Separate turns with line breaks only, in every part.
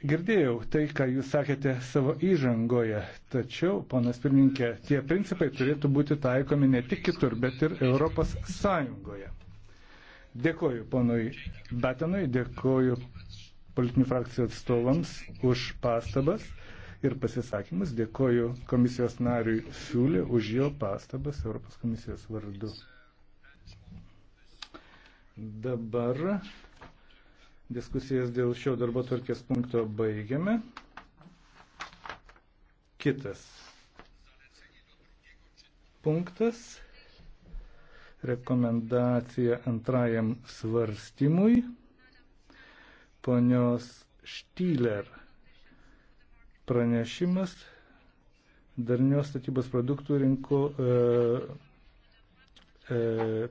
Girdėjau tai, ką jūs sakėte savo įžangoje, tačiau, ponas pirmininkė, tie principai turėtų būti taikomi ne tik kitur, bet ir Europos Sąjungoje. Dėkoju ponui Batenui, dėkoju politinių frakcijų atstovams už pastabas ir pasisakymus, dėkoju komisijos nariui Fiulė už jo pastabas Europos komisijos vardu. Dabar Diskusijas dėl šio darbo tvarkės punkto baigiame. Kitas punktas - rekomendacija antrajam svarstymui. Ponios Štyler pranešimas darnios statybos produktų rinkų e, e,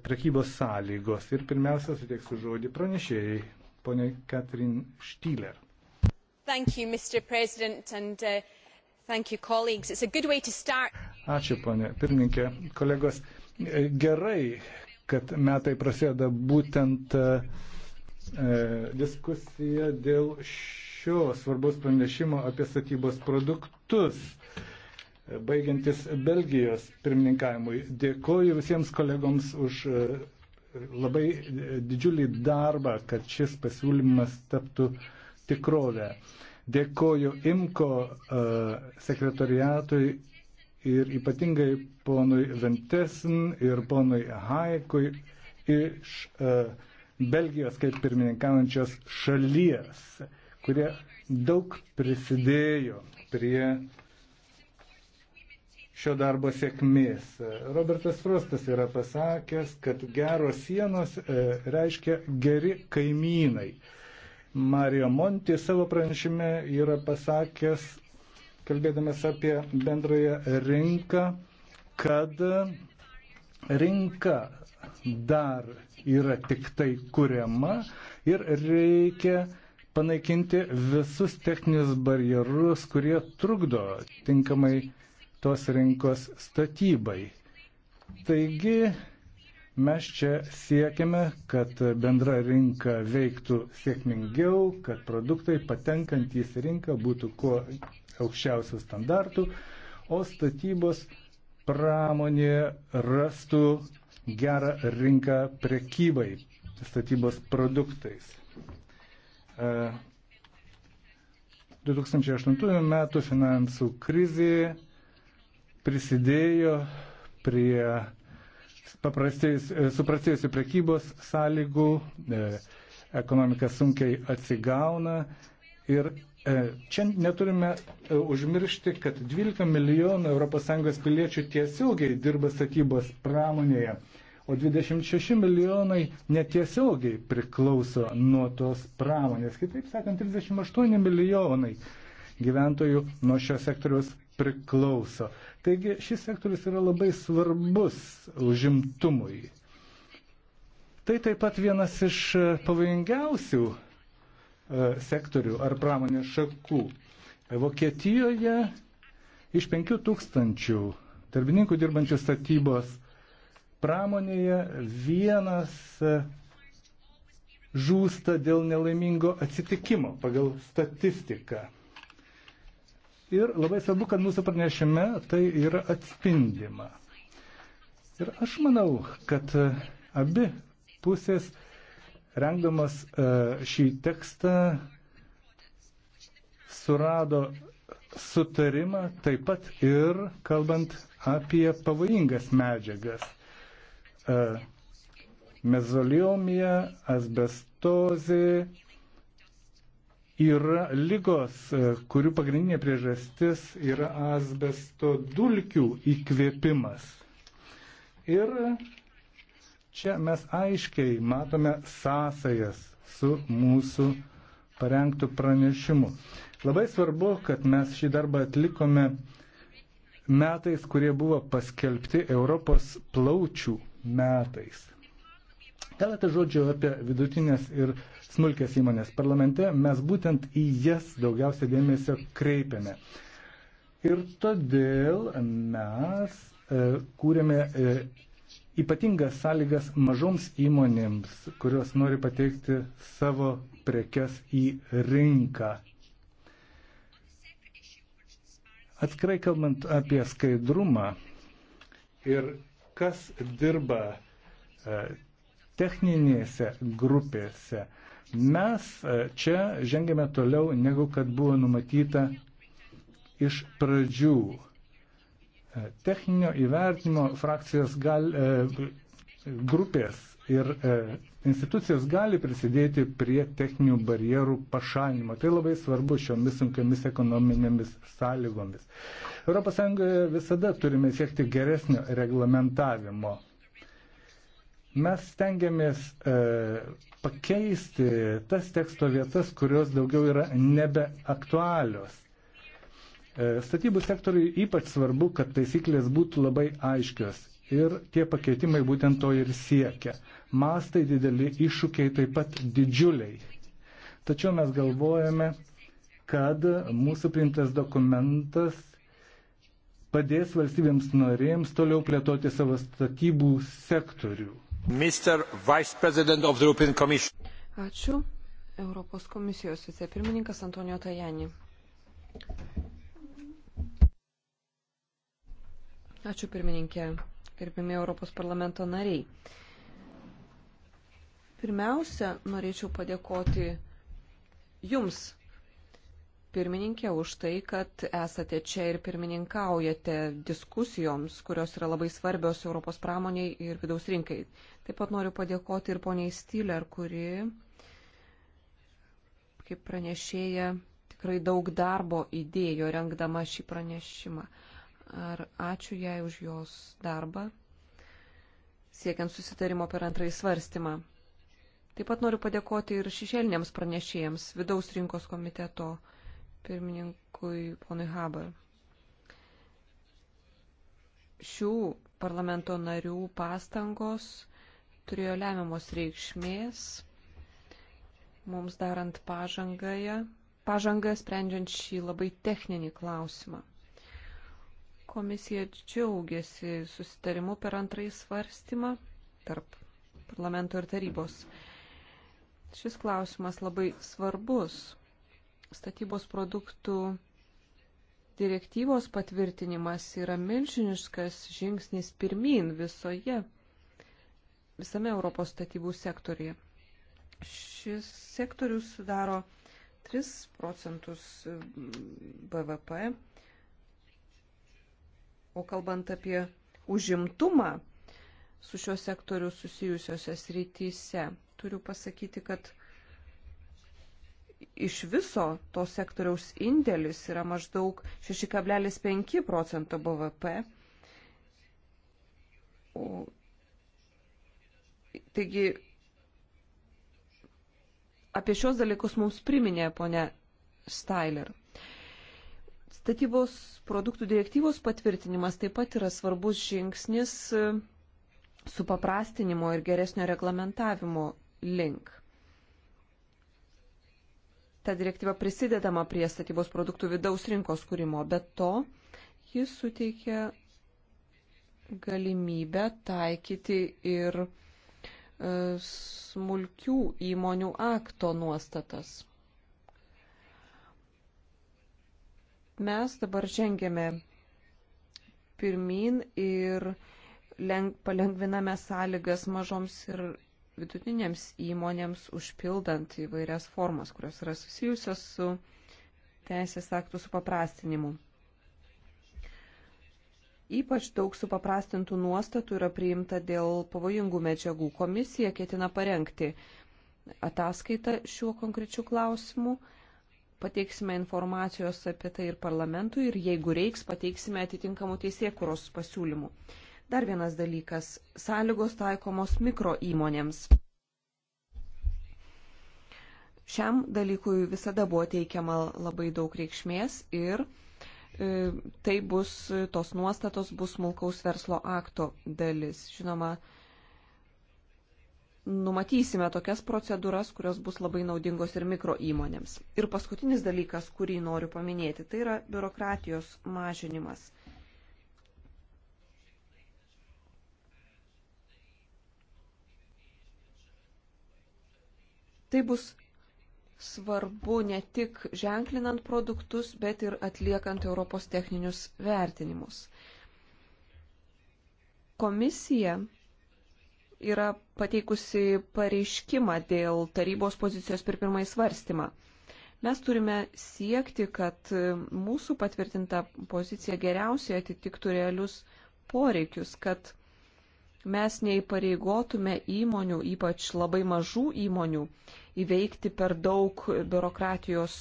prekybos sąlygos. Ir pirmiausia, suteiksiu žodį pranešėjai ponė Katrin Štyler.
You, and, uh, you, start...
Ačiū, ponė pirmininkė, kolegos. E, gerai, kad metai prasideda būtent e, e diskusija dėl šio svarbus pranešimo apie statybos produktus e, baigiantis Belgijos pirmininkavimui. Dėkoju visiems kolegoms už labai e, didžiulį darbą, kad šis pasiūlymas taptų tikrovę. Dėkoju IMKO e, sekretoriatui ir ypatingai ponui Ventesen ir ponui Haikui iš e, Belgijos kaip pirmininkaujančios šalies, kurie daug prisidėjo prie šio darbo sėkmės. Robertas Frostas yra pasakęs, kad geros sienos e, reiškia geri kaimynai. Mario Monti savo pranešime yra pasakęs, kalbėdamas apie bendrąją rinką, kad rinka dar yra tik tai kuriama ir reikia panaikinti visus techninius barjerus, kurie trukdo tinkamai tos rinkos statybai. Taigi mes čia siekiame, kad bendra rinka veiktų sėkmingiau, kad produktai patenkantys į rinką būtų kuo aukščiausių standartų, o statybos pramonė rastų gerą rinką prekybai statybos produktais. 2008 e, metų finansų krizė prisidėjo prie e, suprastėjusių prekybos sąlygų, e, ekonomika sunkiai atsigauna ir e, čia neturime užmiršti, kad 12 milijonų ES piliečių tiesiogiai dirba statybos pramonėje, o 26 milijonai netiesiogiai priklauso nuo tos pramonės. Kitaip sakant, 38 milijonai gyventojų nuo šio sektoriaus priklauso. Taigi šis sektorius yra labai svarbus užimtumui. Tai taip pat vienas iš e, pavojingiausių e, sektorių ar pramonės šakų. Vokietijoje iš 5000 darbininkų dirbančių statybos pramonėje vienas e, žūsta dėl nelaimingo atsitikimo pagal statistiką. Ir labai svarbu, kad mūsų pranešime tai yra atspindima. Ir aš manau, kad e, abi pusės, rengdamas e, šį tekstą, surado sutarimą taip pat ir kalbant apie pavojingas medžiagas. E, mezoliomija, asbestozė, yra lygos, kurių pagrindinė priežastis yra asbesto dulkių įkvėpimas. Ir čia mes aiškiai matome sąsajas su mūsų parengtų pranešimu. Labai svarbu, kad mes šį darbą atlikome metais, kurie buvo paskelbti Europos plaučių metais. Keletą žodžių apie vidutinės ir smulkės įmonės. Parlamente mes būtent į jas daugiausia dėmesio kreipiame. Ir todėl mes e, kūrėme e, ypatingas sąlygas mažoms įmonėms, kurios nori pateikti savo prekes į rinką. Atskrai kalbant apie skaidrumą ir kas dirba e, techninėse grupėse. Mes e, čia žengėme toliau, negu kad buvo numatyta iš pradžių. E, techninio įvertinimo frakcijos gal, e, grupės ir institucijos gali prisidėti prie techninių barjerų pašalinimo. Tai labai svarbu šiomis sunkiamis ekonominėmis sąlygomis. ES visada turime siekti geresnio reglamentavimo. Mes stengiamės e, pakeisti tas teksto vietas, kurios daugiau yra nebeaktualios. E, statybų sektoriui ypač svarbu, kad taisyklės būtų labai aiškios ir tie pakeitimai būtent to ir siekia. Mastai dideli, iššūkiai taip pat didžiuliai. Tačiau mes galvojame, kad mūsų priimtas dokumentas padės valstybėms norėjams toliau plėtoti savo statybų sektorių. Ačiū.
Europos komisijos vicepirmininkas Antonijo Tajani. Ačiū pirmininkė, gerbimi Europos parlamento nariai. Pirmiausia, norėčiau padėkoti Jums, pirmininkė, už tai, kad esate čia ir pirmininkaujate diskusijoms, kurios yra labai svarbios Europos pramoniai ir vidaus rinkai. Taip pat noriu padėkoti ir poniai Stiller, kuri, kaip pranešėja, tikrai daug darbo įdėjo rengdama šį pranešimą. Ar ačiū jai už jos darbą, siekiant susitarimo per antrąjį svarstymą. Taip pat noriu padėkoti ir šešėliniams pranešėjams vidaus rinkos komiteto pirmininkui ponui Habar. Šių parlamento narių pastangos turėjo lemiamos reikšmės mums darant pažangąją, pažangą sprendžiant šį labai techninį klausimą. Komisija džiaugiasi susitarimu per antrąjį svarstymą tarp parlamento ir tarybos. Šis klausimas labai svarbus statybos produktų direktyvos patvirtinimas yra milžiniškas žingsnis pirmin visoje, visame Europos statybų sektorija. Šis sektorius sudaro 3 procentus mm, BVP, o kalbant apie užimtumą su šiuo sektoriu susijusiose srityse, turiu pasakyti, kad iš viso to sektoriaus indėlis yra maždaug 6,5 procento BVP. O, taigi apie šios dalykus mums priminė ponia Styler. Statybos produktų direktyvos patvirtinimas taip pat yra svarbus žingsnis e, supaprastinimo ir geresnio reglamentavimo link ta direktyva prisidedama prie statybos produktų vidaus rinkos kūrimo, bet to jis suteikia galimybę taikyti ir e, smulkių įmonių akto nuostatas. Mes dabar žengėme pirmin ir leng, palengviname sąlygas mažoms ir vidutinėms įmonėms užpildant įvairias formas, kurios yra susijusios su teisės aktų supaprastinimu. Ypač daug supaprastintų nuostatų yra priimta dėl pavojingų medžiagų. Komisija ketina parengti ataskaitą šiuo konkrečiu klausimu. Pateiksime informacijos apie tai ir parlamentui ir jeigu reiks, pateiksime atitinkamų teisėkuros pasiūlymų. Dar vienas dalykas - sąlygos taikomos mikro įmonėms. Šiam dalykui visada buvo teikiama labai daug reikšmės ir e, tai bus, tos nuostatos bus smulkaus verslo akto dalis. Žinoma, numatysime tokias procedūras, kurios bus labai naudingos ir mikro įmonėms. Ir paskutinis dalykas, kurį noriu paminėti, tai yra biurokratijos mažinimas Tai bus svarbu ne tik ženklinant produktus, bet ir atliekant Europos techninius vertinimus. Komisija yra pateikusi pareiškimą dėl tarybos pozicijos per pirmąjį svarstymą. Mes turime siekti, kad mūsų patvirtinta pozicija geriausiai atitiktų realius poreikius, kad mes neįpareigotume įmonių, ypač labai mažų įmonių, įveikti per daug biurokratijos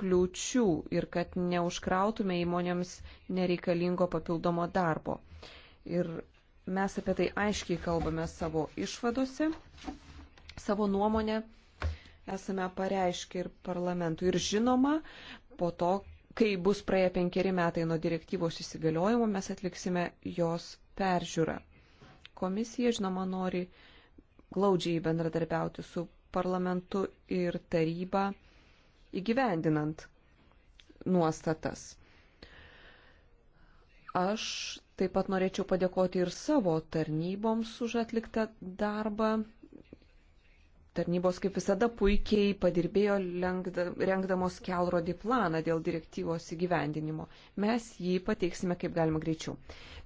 kliūčių ir kad neužkrautume įmonėms nereikalingo papildomo darbo. Ir mes apie tai aiškiai kalbame savo išvadose, savo nuomonę esame pareiškę ir parlamentui. Ir žinoma, po to, kai bus praėję penkeri metai nuo direktyvos įsigaliojimo, mes atliksime jos peržiūrą. Komisija, žinoma, nori glaudžiai bendradarbiauti su parlamentu ir taryba įgyvendinant nuostatas. Aš taip pat norėčiau padėkoti ir savo tarnyboms už atliktą darbą Tarnybos kaip visada puikiai padirbėjo rengdamos kelrodį planą dėl direktyvos įgyvendinimo. Mes jį pateiksime kaip galima greičiau.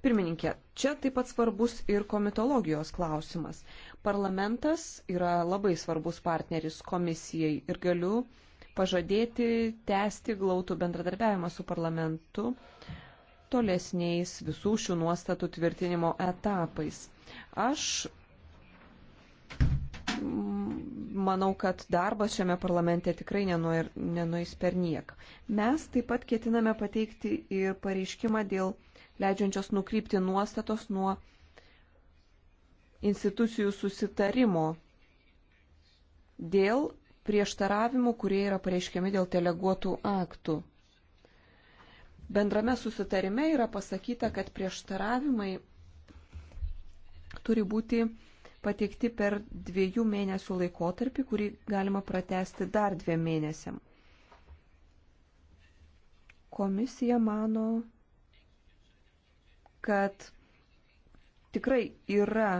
Pirmininkė, čia taip pat svarbus ir komitologijos klausimas. Parlamentas yra labai svarbus partneris komisijai ir galiu pažadėti tęsti glautų bendradarbiavimą su parlamentu tolesniais visų šių nuostatų tvirtinimo etapais. Aš manau, kad darbas šiame parlamente tikrai nenuės per niek. Mes taip pat ketiname pateikti ir pareiškimą dėl leidžiančios nukrypti nuostatos nuo institucijų susitarimo dėl prieštaravimų, kurie yra pareiškiami dėl deleguotų aktų. Bendrame susitarime yra pasakyta, kad prieštaravimai turi būti pateikti per dviejų mėnesių laikotarpį, kurį galima pratesti dar dviem mėnesiam. Komisija mano, kad tikrai yra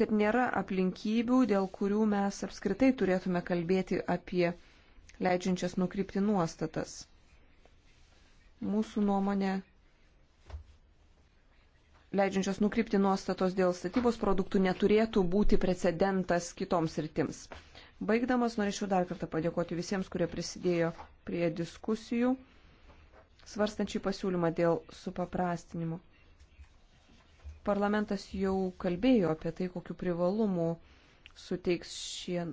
kad nėra aplinkybių, dėl kurių mes apskritai turėtume kalbėti apie leidžiančias nukrypti nuostatas. Mūsų nuomonė leidžiančios nukrypti nuostatos dėl statybos produktų neturėtų būti precedentas kitoms rytims. Baigdamas norėčiau dar kartą padėkoti visiems, kurie prisidėjo prie diskusijų svarstančių pasiūlymą dėl supaprastinimo. Parlamentas jau kalbėjo apie tai, kokiu privalumu suteiks šie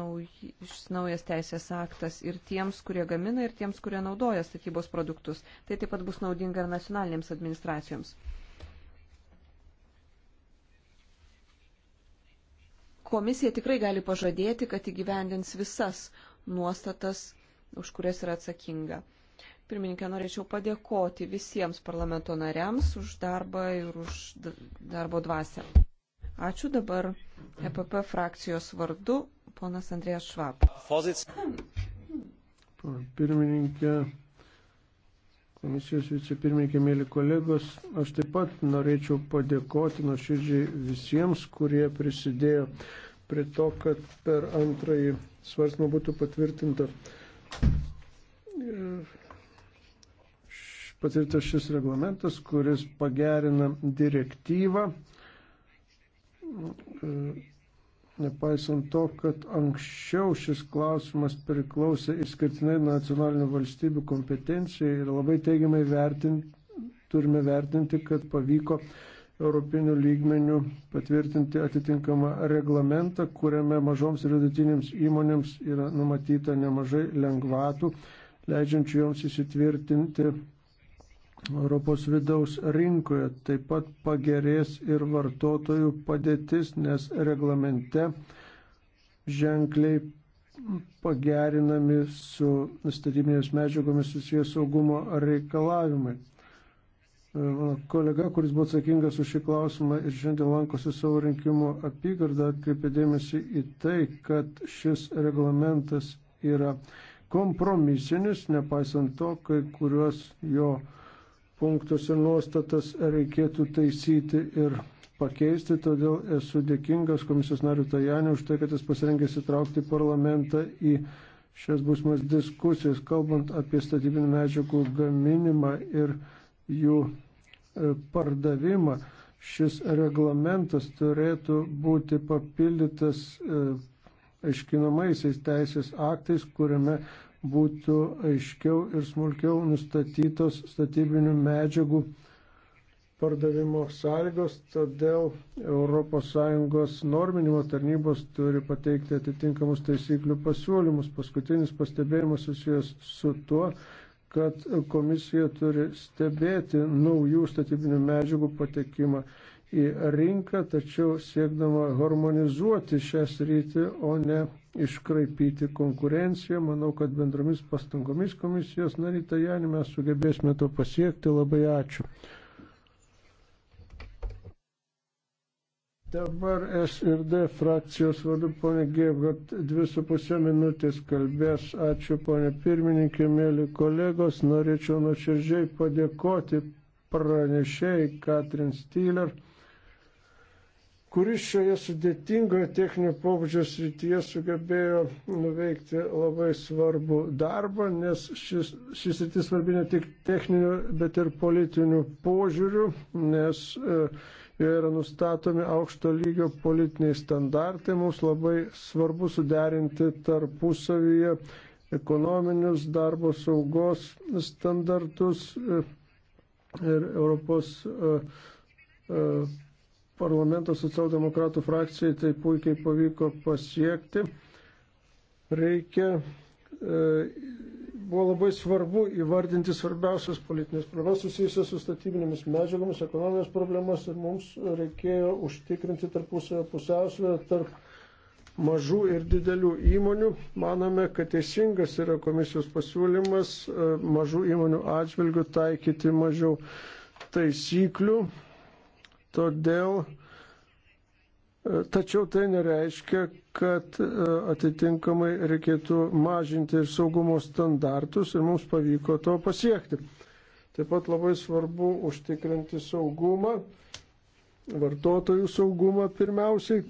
nauji, šis naujas teisės aktas ir tiems, kurie gamina, ir tiems, kurie naudoja statybos produktus. Tai taip pat bus naudinga ir nacionalinėms administracijoms. komisija tikrai gali pažadėti, kad įgyvendins visas nuostatas, už kurias yra atsakinga. Pirmininkė, norėčiau padėkoti visiems parlamento nariams už darbą ir už darbo dvasę. Ačiū dabar EPP frakcijos vardu, ponas Andrėjas Švab.
Pirmininkė, komisijos vicepirmininkė, mėly kolegos, aš taip pat norėčiau padėkoti nuoširdžiai visiems, kurie prisidėjo prie to, kad per antrąjį svarstymą būtų patvirtinta patvirtas šis reglamentas, kuris pagerina direktyvą nepaisant to, kad anksčiau šis klausimas priklausė išskirtinai nacionalinių valstybių kompetencijai ir labai teigiamai vertint, turime vertinti, kad pavyko Europinių lygmenių patvirtinti atitinkamą reglamentą, kuriame mažoms ir vidutinėms įmonėms yra numatyta nemažai lengvatų, leidžiančių joms įsitvirtinti Europos vidaus rinkoje. Taip pat pagerės ir vartotojų padėtis, nes reglamente ženkliai pagerinami su statybinės medžiagomis susijęs saugumo reikalavimai. Mano kolega, kuris buvo atsakingas už šį klausimą ir šiandien lankosi savo rinkimų apygardą, atkreipė dėmesį į tai, kad šis reglamentas yra kompromisinis, nepaisant to, kai kuriuos jo uh, punktus ir nuostatas reikėtų taisyti ir pakeisti, todėl esu dėkingas komisijos nariu Tajaniu už tai, kad jis pasirengęs įtraukti parlamentą į šias būsimas diskusijas, kalbant apie statybinių medžiagų gaminimą ir jų e, pardavimą. Šis reglamentas turėtų būti papildytas e, aiškinamaisiais teisės aktais, kuriame būtų aiškiau ir smulkiau nustatytos statybinių medžiagų pardavimo sąlygos, todėl ES norminimo tarnybos turi pateikti atitinkamus taisyklių pasiūlymus. Paskutinis pastebėjimas susijęs su tuo, kad komisija turi stebėti naujų statybinių medžiagų patekimą į rinką, tačiau siekdama harmonizuoti šią sritį, o ne iškraipyti konkurenciją. Manau, kad bendromis pastangomis komisijos narytą Janį mes sugebėsime to pasiekti. Labai ačiū. Dabar SRD frakcijos vadu ponė Gėvgat, dvi su pusė minutės kalbės. Ačiū ponė pirmininkė, mėly kolegos. Norėčiau nuoširdžiai padėkoti pranešėjai Katrin Styler kuris šioje sudėtingoje techninio pobūdžio srityje sugebėjo nuveikti labai svarbų darbą, nes šis, šis sritis svarbi ne tik techniniu, bet ir politiniu požiūriu, nes joje yra nustatomi aukšto lygio politiniai standartai. Mums labai svarbu suderinti tarpusavyje ekonominius darbo saugos standartus e, ir Europos. Uh, uh, parlamento socialdemokratų frakcijai tai puikiai pavyko pasiekti. Reikia, e, buvo labai svarbu įvardinti svarbiausias politinės problemas susijusias su statybinėmis medžiagomis, ekonominės problemas ir mums reikėjo užtikrinti tarpusavę pusiausvę tarp mažų ir didelių įmonių. Manome, kad teisingas yra komisijos pasiūlymas e, mažų įmonių atžvilgių taikyti mažiau taisyklių Todėl, e, tačiau tai nereiškia, kad e, atitinkamai reikėtų mažinti ir saugumo standartus ir mums pavyko to pasiekti. Taip pat labai svarbu užtikrinti saugumą, vartotojų saugumą pirmiausiai,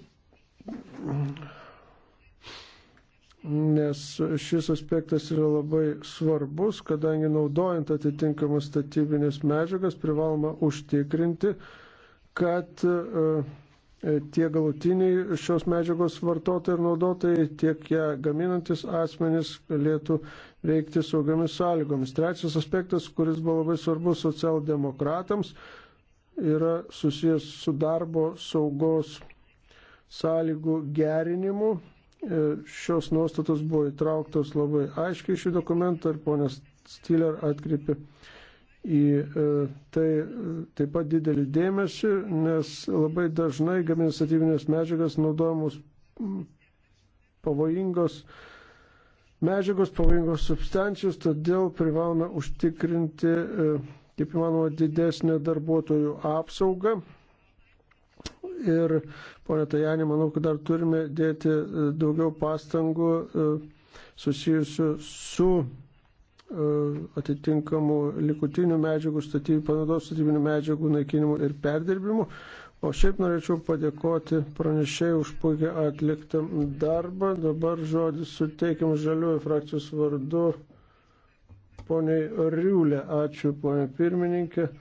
nes šis aspektas yra labai svarbus, kadangi naudojant atitinkamas statybinės medžiagas privaloma užtikrinti, kad e, tie galutiniai šios medžiagos vartotojai ir naudotojai, tiek ją gaminantis asmenys galėtų veikti saugiamis sąlygomis. Trečias aspektas, kuris buvo labai svarbus socialdemokratams, yra susijęs su darbo saugos sąlygų gerinimu. E, šios nuostatos buvo įtrauktos labai aiškiai šį dokumentą ir ponas Stiller atkreipė į e, tai taip pat didelį dėmesį, nes labai dažnai gaminant statybinės medžiagas naudojamos pavojingos medžiagos, pavojingos substancijos, todėl privalome užtikrinti, e, kaip įmanoma, didesnę darbuotojų apsaugą. Ir, ponė Tajani, manau, kad dar turime dėti e, daugiau pastangų susijusių su E, atitinkamų likutinių medžiagų, statyb, panaudos statybinių medžiagų naikinimu ir perdirbimu. O šiaip norėčiau padėkoti pranešėjai už puikiai atliktą darbą. Dabar žodis suteikiam žaliųjų frakcijos vardu poniai Riulė. Ačiū, ponia pirmininkė.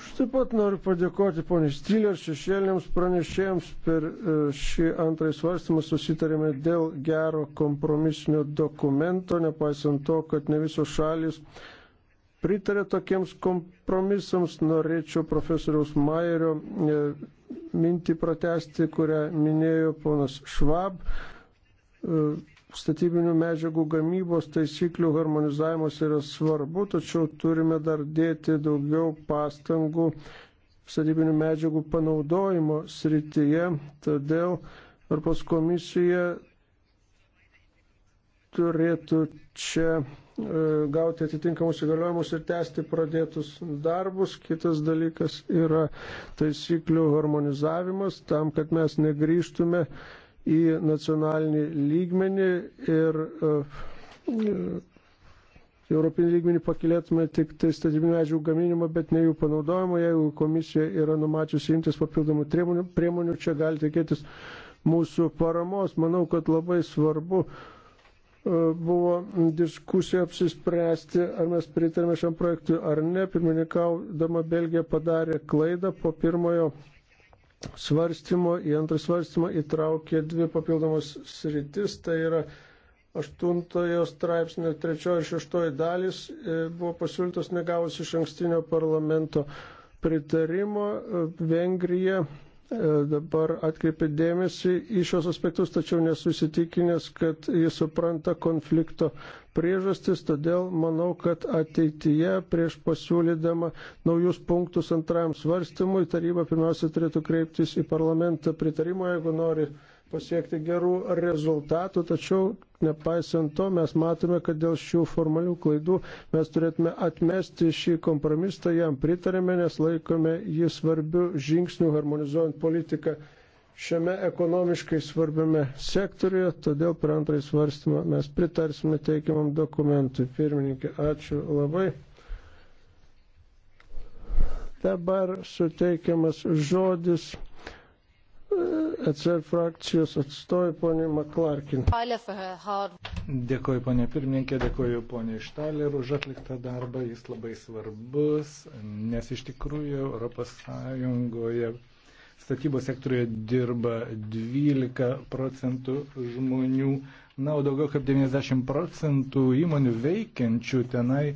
Aš taip pat noriu padėkoti poniai Stylė ir šešėlėms pranešėjams per e, šį antrąjį svarstymą susitarėme dėl gero kompromisinio dokumento, nepaisant to, kad ne visos šalis pritarė tokiems kompromisams. Norėčiau profesoriaus Mairio e, mintį pratesti, kurią minėjo ponas Švab e, statybinių medžiagų gamybos taisyklių harmonizavimas yra svarbu, tačiau turime dar dėti daugiau pastangų statybinių medžiagų panaudojimo srityje. Todėl Europos komisija turėtų čia e, gauti atitinkamus įgaliojimus ir tęsti pradėtus darbus. Kitas dalykas yra taisyklių harmonizavimas tam, kad mes negryžtume į nacionalinį lygmenį ir e, Europinį lygmenį pakilėtume tik tai statybinių medžių gaminimą, bet ne jų panaudojimą. Jeigu komisija yra numačiusi imtis papildomų priemonių, priemonių čia gali tikėtis mūsų paramos. Manau, kad labai svarbu e, buvo diskusija apsispręsti, ar mes pritarėme šiam projektui ar ne. Pirmininkaudama Belgija padarė klaidą po pirmojo svarstymo, į antrą svarstymą įtraukė dvi papildomas sritis, tai yra aštuntojo straipsnio trečiojo ir šeštojo dalis e, buvo pasiūlytos negavus iš ankstinio parlamento pritarimo. E, Vengrija E, dabar atkreipė dėmesį į šios aspektus, tačiau nesusitikinęs, kad jis supranta konflikto priežastis, todėl manau, kad ateityje prieš pasiūlydama naujus punktus antrajam svarstymui taryba pirmiausia turėtų kreiptis į parlamentą pritarimo, jeigu nori pasiekti gerų rezultatų, tačiau nepaisant to mes matome, kad dėl šių formalių klaidų mes turėtume atmesti šį kompromisą, jam pritarėme, nes laikome jį svarbių žingsnių harmonizuojant politiką šiame ekonomiškai svarbiame sektoriuje, todėl per antrąjį svarstymą mes pritarsime teikiamam dokumentui. Pirmininkė, ačiū labai. Dabar suteikiamas žodis ECR frakcijos atstovė ponė Maklarkin.
Dėkoju ponė pirmininkė, dėkoju ponė Štaler už atliktą darbą, jis labai svarbus, nes iš tikrųjų ES statybos sektoriuje dirba 12 procentų žmonių, na, o daugiau kaip 90 procentų įmonių veikiančių tenai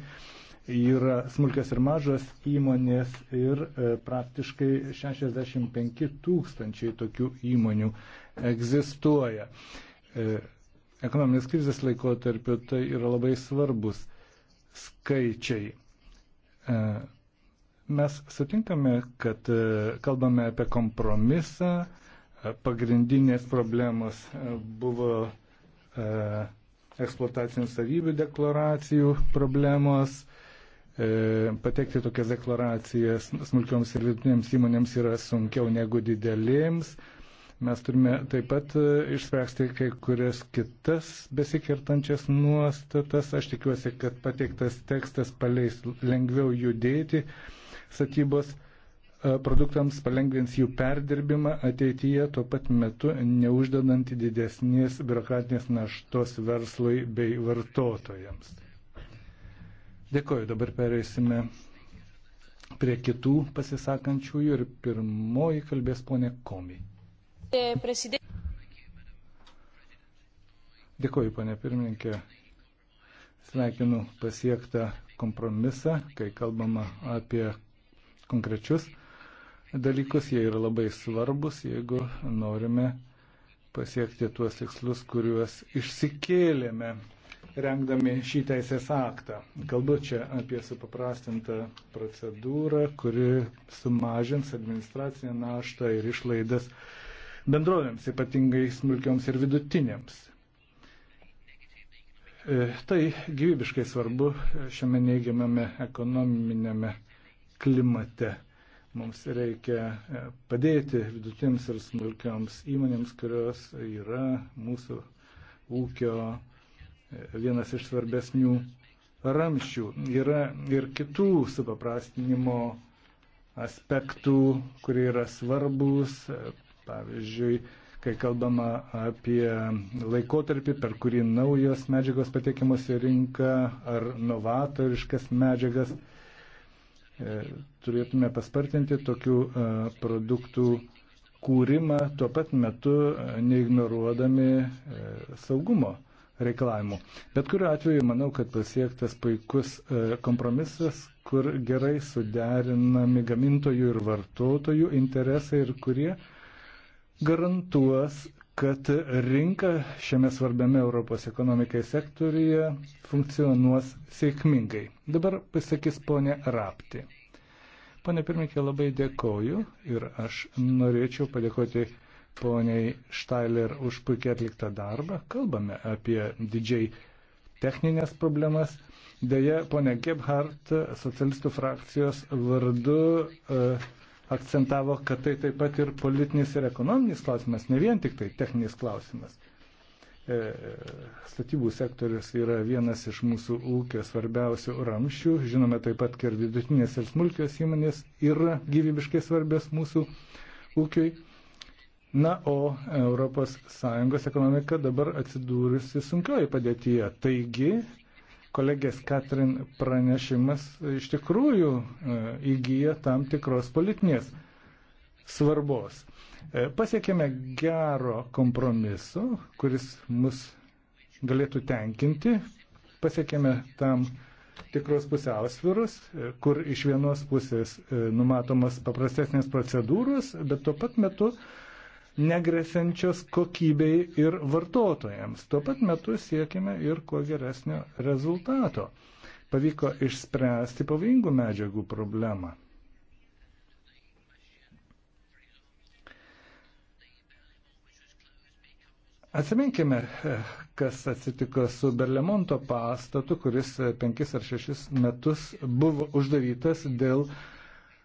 yra smulkios ir mažos įmonės ir e, praktiškai 65 tūkstančiai tokių įmonių egzistuoja. E, Ekonominės krizės laikotarpiu tai yra labai svarbus skaičiai. E, mes sutinkame, kad kalbame apie kompromisą, pagrindinės problemos buvo eksploatacinių savybių deklaracijų problemos, E, patekti tokias deklaracijas smulkioms ir vidutinėms įmonėms yra sunkiau negu didelėms. Mes turime taip pat e, išspręsti kai kurias kitas besikertančias nuostatas. Aš tikiuosi, kad pateiktas tekstas paleis lengviau judėti statybos e, produktams, palengvins jų perdirbimą ateityje, tuo pat metu neuždedant didesnės biurokratinės naštos verslui bei vartotojams. Dėkoju, dabar pereisime prie kitų pasisakančiųjų ir pirmoji kalbės ponė Komi. Dėkoju, ponė pirmininkė. Sveikinu pasiektą kompromisą, kai kalbama apie konkrečius dalykus, jie yra labai svarbus, jeigu norime pasiekti tuos tikslus, kuriuos išsikėlėme rengdami šį teisės aktą. Kalbu čia apie supaprastintą procedūrą, kuri sumažins administracinę naštą ir išlaidas bendrovėms, ypatingai smulkioms ir vidutinėms. E, tai gyvybiškai svarbu šiame neigiamame ekonominėme klimate. Mums reikia e, padėti vidutinėms ir smulkioms įmonėms, kurios yra mūsų ūkio vienas iš svarbesnių ramščių. Yra ir kitų supaprastinimo aspektų, kurie yra svarbus. Pavyzdžiui, kai kalbama apie laikotarpį, per kurį naujos medžiagos patekiamos į rinką ar novatoriškas medžiagas, e, turėtume paspartinti tokių e, produktų kūrimą tuo pat metu e, neignoruodami saugumo reikalavimų. Bet kuriu atveju manau, kad pasiektas puikus e, kompromisas, kur gerai suderinami gamintojų ir vartotojų interesai ir kurie garantuos, kad rinka šiame svarbiame Europos ekonomikai sektoriuje funkcionuos sėkmingai. Dabar pasakys ponė Rapti. Pane pirmininkė, labai dėkoju ir aš norėčiau padėkoti poniai Štailer už puikiai atliktą darbą. Kalbame apie didžiai techninės problemas. Deja, ponia Gebhardt socialistų frakcijos vardu uh, akcentavo, kad tai taip pat ir politinis ir ekonominis klausimas, ne vien tik tai techninis klausimas. E, statybų sektorius yra vienas iš mūsų ūkio svarbiausių ramščių. Žinome taip pat, kad vidutinės ir smulkios įmonės yra gyvybiškai svarbios mūsų ūkiui. Na, o ES ekonomika dabar atsidūrusi sunkioji padėtyje. Taigi, kolegės Katrin pranešimas iš tikrųjų e, įgyja tam tikros politinės svarbos. E, pasiekėme gero kompromiso, kuris mus galėtų tenkinti. Pasiekėme tam tikros pusiausvirus, e, kur iš vienos pusės numatomas paprastesnės procedūros, bet tuo pat metu uh, negresenčios kokybei ir vartotojams. Tuo pat metu siekime ir kuo geresnio rezultato. Pavyko išspręsti pavojingų medžiagų problemą. Atsiminkime, kas atsitiko su Berlemonto pastatu, kuris penkis ar šešis metus buvo uždarytas dėl uh,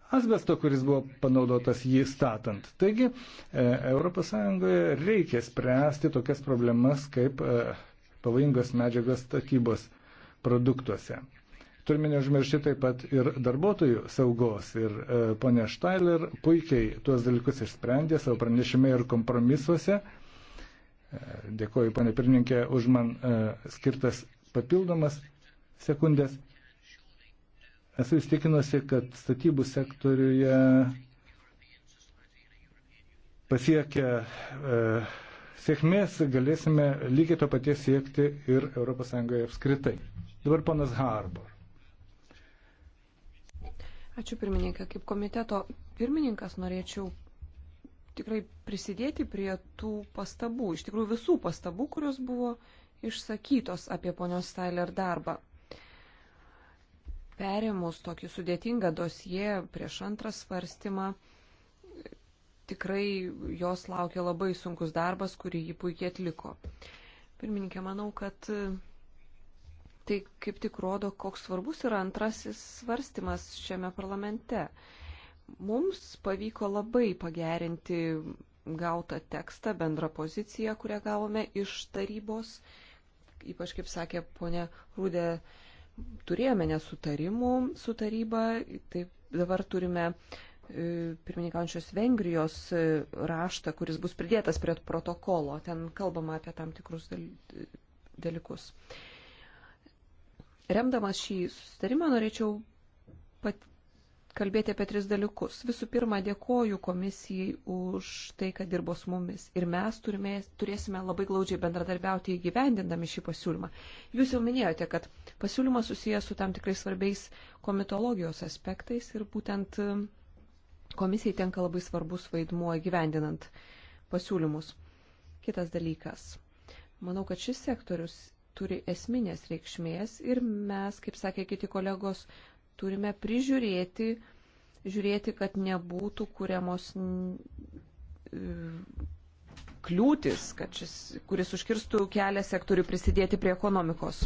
asbesto, kuris buvo panaudotas jį statant. Taigi ES reikia spręsti tokias problemas kaip e, pavojingos medžiagos statybos produktuose. Turime neužmiršti taip pat ir darbuotojų saugos. Ir e, ponė Štailer puikiai tuos dalykus išsprendė savo pranešime ir kompromisuose. E, dėkoju, ponė pirmininkė, už man e, skirtas papildomas sekundės. Esu įstikinusi, kad statybų sektoriuje pasiekę e, sėkmės galėsime lygiai to paties siekti ir ES apskritai. Dabar ponas Harbor.
Ačiū pirmininkė. Kaip komiteto pirmininkas norėčiau tikrai prisidėti prie tų pastabų, iš tikrųjų visų pastabų, kurios buvo išsakytos apie ponios Stailer darbą perėmus tokį sudėtingą dosiją prieš antrą svarstymą, tikrai jos laukia labai sunkus darbas, kurį ji puikiai atliko. Pirmininkė, manau, kad tai kaip tik rodo, koks svarbus yra antrasis svarstymas šiame parlamente. Mums pavyko labai pagerinti gautą tekstą, bendrą poziciją, kurią gavome iš tarybos, ypač kaip sakė ponė Rūdė turėjome nesutarimų su taryba, taip dabar turime e, pirmininkaujančios Vengrijos e, raštą, kuris bus pridėtas prie protokolo. Ten kalbama apie tam tikrus dalykus. Remdamas šį susitarimą norėčiau pat kalbėti apie tris dalykus. Visų pirma, dėkoju komisijai už tai, kad dirbo su mumis. Ir mes turime, turėsime labai glaudžiai bendradarbiauti įgyvendindami šį pasiūlymą. Jūs jau minėjote, kad pasiūlymas susijęs su tam tikrais svarbiais komitologijos aspektais ir būtent um, komisijai tenka labai svarbus vaidmuo įgyvendinant pasiūlymus. Kitas dalykas. Manau, kad šis sektorius turi esminės reikšmės ir mes, kaip sakė kiti kolegos, turime prižiūrėti, žiūrėti, kad nebūtų kuriamos e, kliūtis, kad šis, kuris užkirstų kelią sektorių prisidėti prie ekonomikos.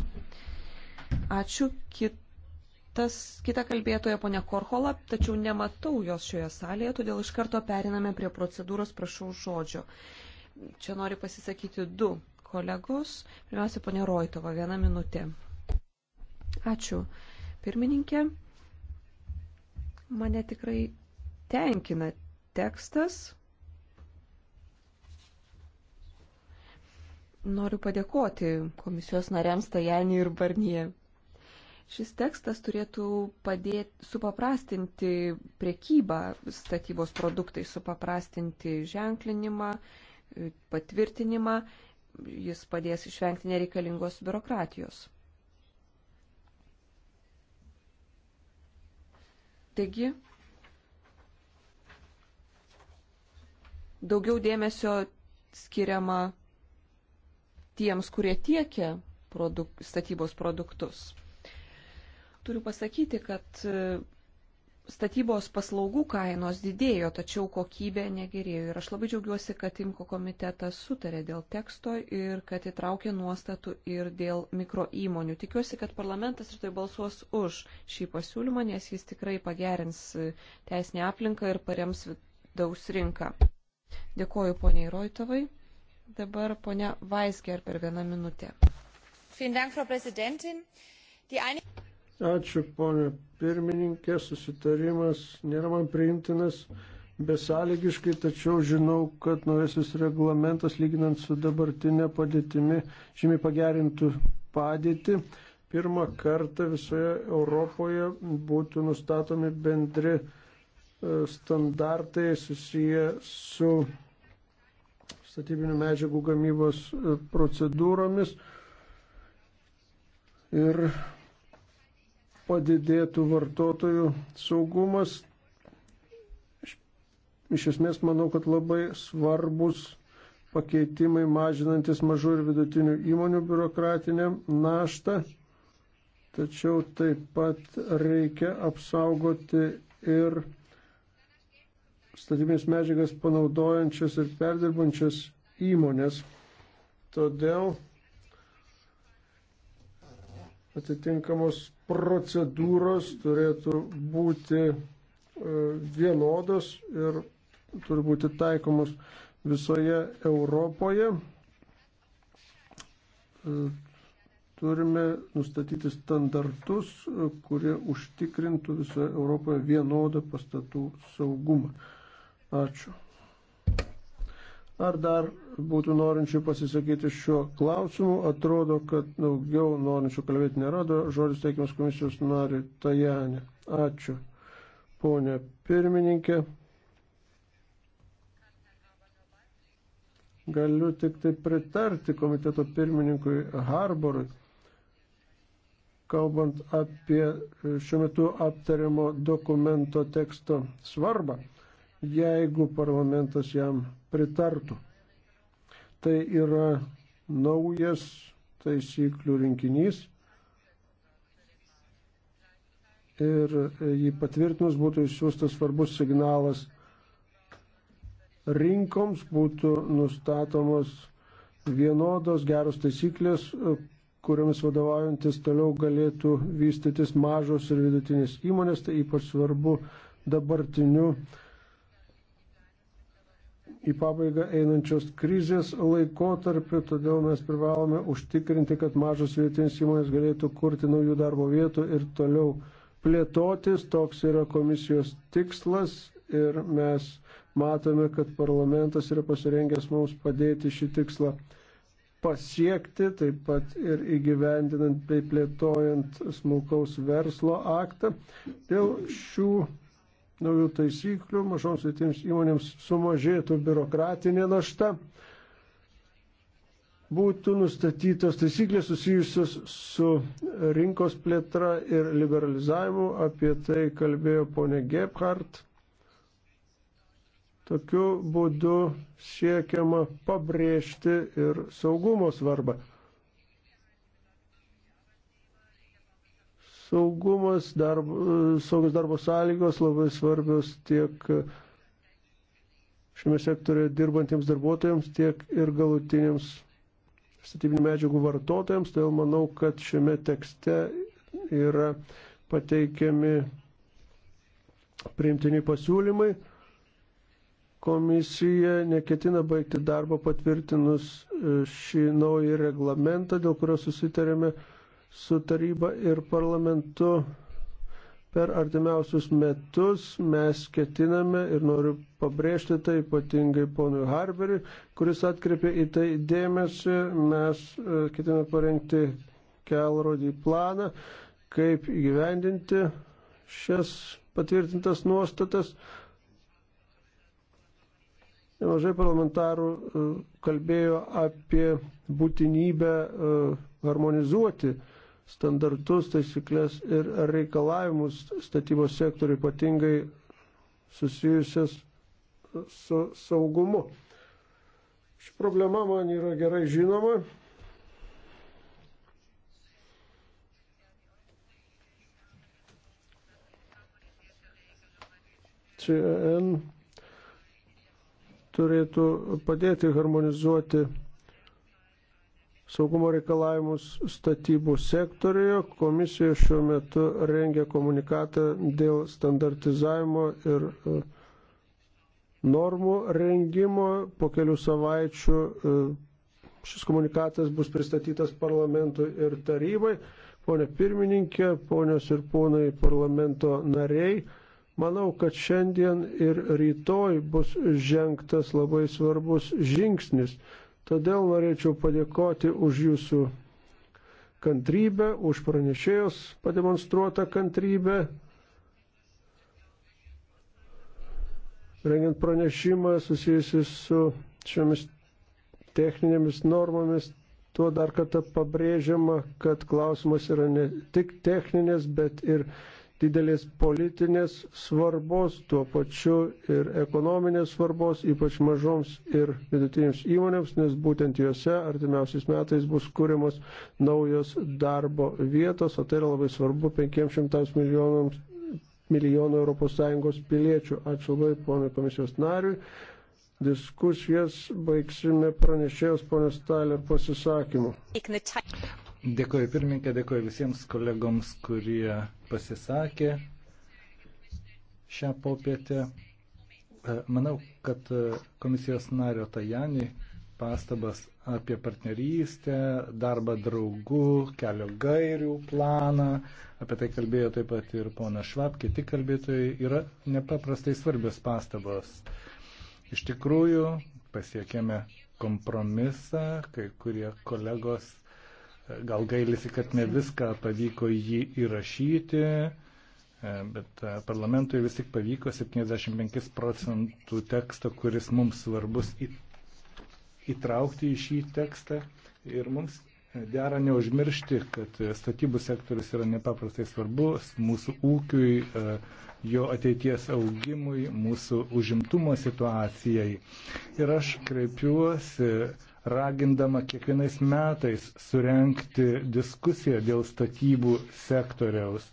Ačiū. Kitas, kita kalbėtoja ponia Korhola, tačiau nematau jos šioje salėje, todėl iš karto periname prie procedūros, prašau žodžio. Čia nori pasisakyti du kolegos. Pirmiausia, ponia Roitova, vieną minutę. Ačiū pirmininkė. Mane tikrai tenkina tekstas. Noriu padėkoti komisijos nariams Tajani ir Barnie. Šis tekstas turėtų padėti supaprastinti priekybą statybos produktai, supaprastinti ženklinimą, patvirtinimą. Jis padės išvengti nereikalingos biurokratijos. Taigi, daugiau dėmesio skiriama tiems, kurie tiekia produk statybos produktus. Turiu pasakyti, kad statybos paslaugų kainos didėjo, tačiau kokybė negerėjo. Ir aš labai džiaugiuosi, kad Imko komitetas sutarė dėl teksto ir kad įtraukė nuostatų ir dėl mikro įmonių. Tikiuosi, kad parlamentas rytoj balsuos už šį pasiūlymą, nes jis tikrai pagerins teisinę aplinką ir parems vidaus rinką. Dėkoju poniai Roitovai. Dabar ponia Vaisger per vieną minutę. Vielen Dank, Frau Präsidentin. Die eine...
Ačiū, ponė pirmininkė, susitarimas nėra man priimtinas besąlygiškai, tačiau žinau, kad naujasis reglamentas, lyginant su dabartinė padėtimi, žymiai pagerintų padėtį. Pirmą kartą visoje Europoje būtų nustatomi bendri e, standartai susiję su statybinių medžiagų gamybos e, procedūromis. Ir padidėtų vartotojų saugumas. Iš esmės manau, kad labai svarbus pakeitimai mažinantis mažų ir vidutinių įmonių biurokratinę naštą, tačiau taip pat reikia apsaugoti ir statybės medžiagas panaudojančias ir perdirbančias įmonės. Todėl atitinkamos procedūros turėtų būti e, vienodos ir turi būti taikomos visoje Europoje. E, turime nustatyti standartus, e, kurie užtikrintų visoje Europoje vienodą pastatų saugumą. Ačiū. Ar dar būtų norinčių pasisakyti šiuo klausimu? Atrodo, kad daugiau norinčių kalbėti nėra. Žodis teikimas komisijos nariui Tajanė. Ačiū, ponė pirmininkė. Galiu tik tai pritarti komiteto pirmininkui Harborui, kalbant apie šiuo metu aptariamo dokumento teksto svarbą jeigu parlamentas jam pritartų. Tai yra naujas taisyklių rinkinys ir jį patvirtinus būtų išsiųstas svarbus signalas rinkoms, būtų nustatomos vienodos geros taisyklės, kuriamis vadovaujantis toliau galėtų vystytis mažos ir vidutinės įmonės, tai ypač svarbu dabartiniu į pabaigą einančios krizės laikotarpiu, todėl mes privalome užtikrinti, kad mažos vietinės įmonės galėtų kurti naujų darbo vietų ir toliau plėtotis. Toks yra komisijos tikslas ir mes matome, kad parlamentas yra pasirengęs mums padėti šį tikslą pasiekti, taip pat ir įgyvendinant bei plėtojant smulkaus verslo aktą. Dėl šių naujų taisyklių, mažoms vietiems įmonėms sumažėtų biurokratinė našta, būtų nustatytos taisyklės susijusios su rinkos plėtra ir liberalizavimu, apie tai kalbėjo ponė Gebhardt. Tokiu būdu siekiama pabrėžti ir saugumo svarbą. Saugumas, darb, saugus darbo sąlygos labai svarbios tiek šiame sektorėje dirbantiems darbuotojams, tiek ir galutiniams statybinių medžiagų vartotojams. Todėl tai manau, kad šiame tekste yra pateikiami priimtini pasiūlymai. Komisija neketina baigti darbo patvirtinus e, šį naują reglamentą, dėl kurio susitarėme su taryba ir parlamentu. Per artimiausius metus mes ketiname ir noriu pabrėžti tai ypatingai ponui Harberiui, kuris atkreipė į tai dėmesį, mes e, ketiname parengti kelrodį planą, kaip įgyvendinti šias patvirtintas nuostatas. Nemažai parlamentarų e, kalbėjo apie būtinybę e, harmonizuoti standartus, taisyklės ir reikalavimus statybos sektoriui, ypatingai susijusias su saugumu. Ši problema man yra gerai žinoma. CN e turėtų padėti harmonizuoti saugumo reikalavimus statybų sektoriuje. Komisija šiuo metu rengia komunikatą dėl standartizavimo ir e, normų rengimo. Po kelių savaičių e, šis komunikatas bus pristatytas parlamentui ir tarybai. Pone pirmininkė, ponios ir ponai parlamento nariai. Manau, kad šiandien ir rytoj bus žengtas labai svarbus žingsnis Todėl norėčiau padėkoti už jūsų kantrybę, už pranešėjos pademonstruotą kantrybę. Rengiant pranešimą susijusi su šiomis techninėmis normomis, tuo dar kartą pabrėžiama, kad klausimas yra ne tik techninės, bet ir didelės politinės svarbos, tuo pačiu ir ekonominės svarbos, ypač mažoms ir vidutinėms įmonėms, nes būtent juose artimiausiais metais bus kūriamos naujos darbo vietos, o tai yra labai svarbu 500 milijonams milijonų ES piliečių. Ačiū labai ponui komisijos nariui. Diskusijas baigsime
pranešėjos ponios Taler pasisakymu. Dėkuoju pirmininkė, dėkuoju visiems kolegoms, kurie pasisakė šią popietę. E, manau, kad e, komisijos nario Tajani pastabas apie partnerystę, darbą draugų, kelio gairių planą, apie tai kalbėjo taip pat ir pona Švab, kiti kalbėtojai, yra nepaprastai svarbios pastabos. Iš tikrųjų, pasiekėme kompromisą, kai kurie kolegos Gal gailisi, kad ne viską pavyko jį įrašyti, e, bet e, parlamentui vis tik pavyko 75 procentų teksto, kuris mums svarbus įtraukti į šį tekstą. Ir mums dera neužmiršti, kad e, statybų sektorius yra nepaprastai svarbus mūsų ūkiui, jo ateities augimui, mūsų užimtumo situacijai. Ir aš kreipiuosi ragindama kiekvienais metais surenkti diskusiją dėl statybų sektoriaus.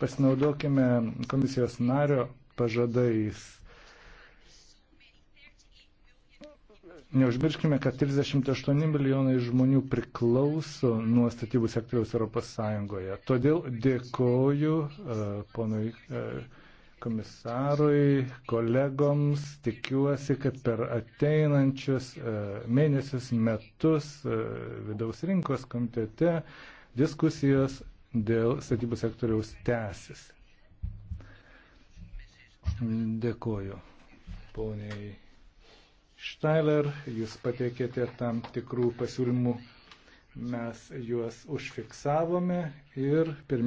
Pasinaudokime komisijos nario pažadais. Neužmirškime, kad 38 milijonai žmonių priklauso nuo statybų sektoriaus ES. Todėl dėkoju uh, ponui. Uh, komisarui, kolegoms. Tikiuosi, kad per ateinančius e, mėnesius, metus e, vidaus rinkos komitete diskusijos dėl statybų sektoriaus tęsis. Dėkuoju, poniai Štailer, jūs patiekėte tam tikrų pasiūlymų, mes juos užfiksavome ir pirmiausia.